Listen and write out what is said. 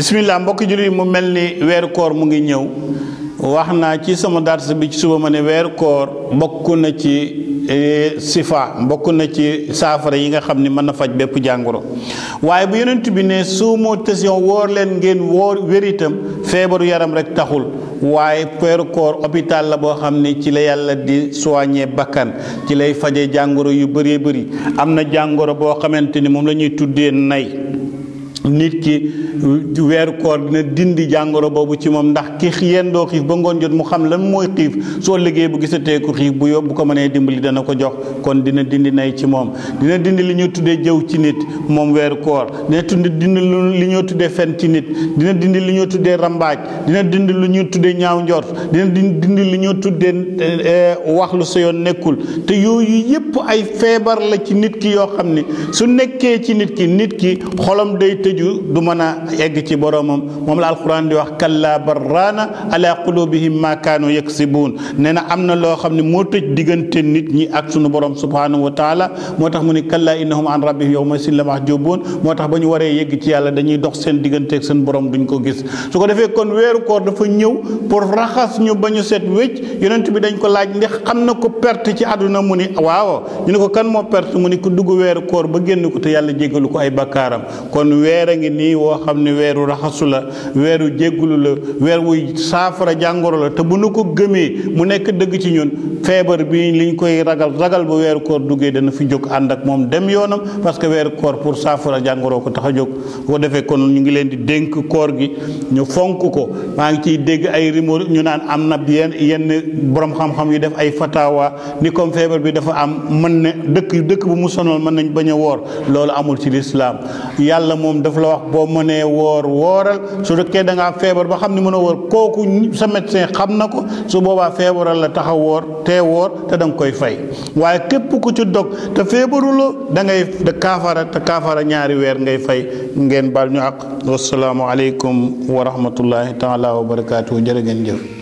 bismillah mbokki jullit mu mel ni weeru koor mu ngi ñëw wax naa ci sama darsa bi ci suba ma ne weeru koor bokk na ci e, sifa bokk na ci saafara yi nga xam ni mën na faj bépp jàngoro waaye bu yonent bi ne suumoo tasiyon woor leen ngeen woor wér itam feebaru yaram rek taxul waaye weeru koor hôpital la boo xam ne ci la yàlla di soigner bakkan ci lay faje jàngoro yu bëree bëri am na jàngoro boo xamante ni moom la ñuy tuddee nay nit ki weeru koor dina dindi jàngoro boobu ci moom ndax ki yendoo xiif ba ngoon jot mu xam lan mooy xiif soo liggéey bu gisatee ku xiif bu yóbbu bu ko mënee dimbali dana ko jox kon dina dindi nay ci moom dina dindi li ñu tuddee jëw ci nit moom weeru koor dina tudd dindi li ñu tuddee fen ci nit dina dindi li ñu tuddee rambaaj dina dindi lu ñu tuddee ñaaw njort dina dindi li ñu tuddee eh, wax lu sa yoon nekkul te yooyu yëpp ay feebar la ci nit ki yoo xam ni su ci nit ki nit ki jooju du mën a egg ci boroomam moom la alquran di wax kalla barraana ala qulubihim ma kaanu yaksibuun nee na am na loo xam ne moo tëj diggante nit ñi ak sunu borom subhanahu wa taala moo tax mu ne kalla innahum an rabbihim yawma sin la mahjubuun moo tax ba ñu waree yegg ci yàlla dañuy dox seen diggante ak seen borom ko gis su ko defee kon weeru koor dafa ñëw pour raxas ñu ba ñu set wécc yonent bi dañ ko laaj ndax xam na ko perte ci àdduna mu ni waaw ñu ne ko kan moo perte mu ni ko dugg weeru koor ba génn ko te yàlla jéggalu ko ay bakkaaram kon weer weer a ngi nii woo xam ne weeru raxasu la weeru jéggulu la weer wuy saafara jàngoro la te bu nu ko gëmee mu nekk dëgg ci ñun feebar bi liñ koy ragal ragal ba weeru koor duggee dana fi jóg ànd ak moom dem yoonam parce que weeru koor pour saafara jàngoro ko tax a jóg ko defee kon ñu ngi leen di dénk koor gi ñu fonk ko maa ngi ciy dégg ay rumeur ñu naan am na yenn yenn borom xam-xam def ay fatawa ni comme feebar bi dafa am mën ne dëkk dëkk bu mu sonal mën nañ bañ a woor loolu amul ci lislaam yàlla moom daf la wax boo mënee woor wooral su fekkee da feebar ba xam ne mën a woor kooku sa médecin xam na ko su boobaa feebaral la tax woor tee woor te da nga koy fay waaye képp ku ci dog te feebaruloo da ngay da kaafara te kaafara ñaari weer ngay fay ngeen baal ñu ak wasalaamualeykum wa rahmatullahi taala wa barakaatu jërë ngeen jëf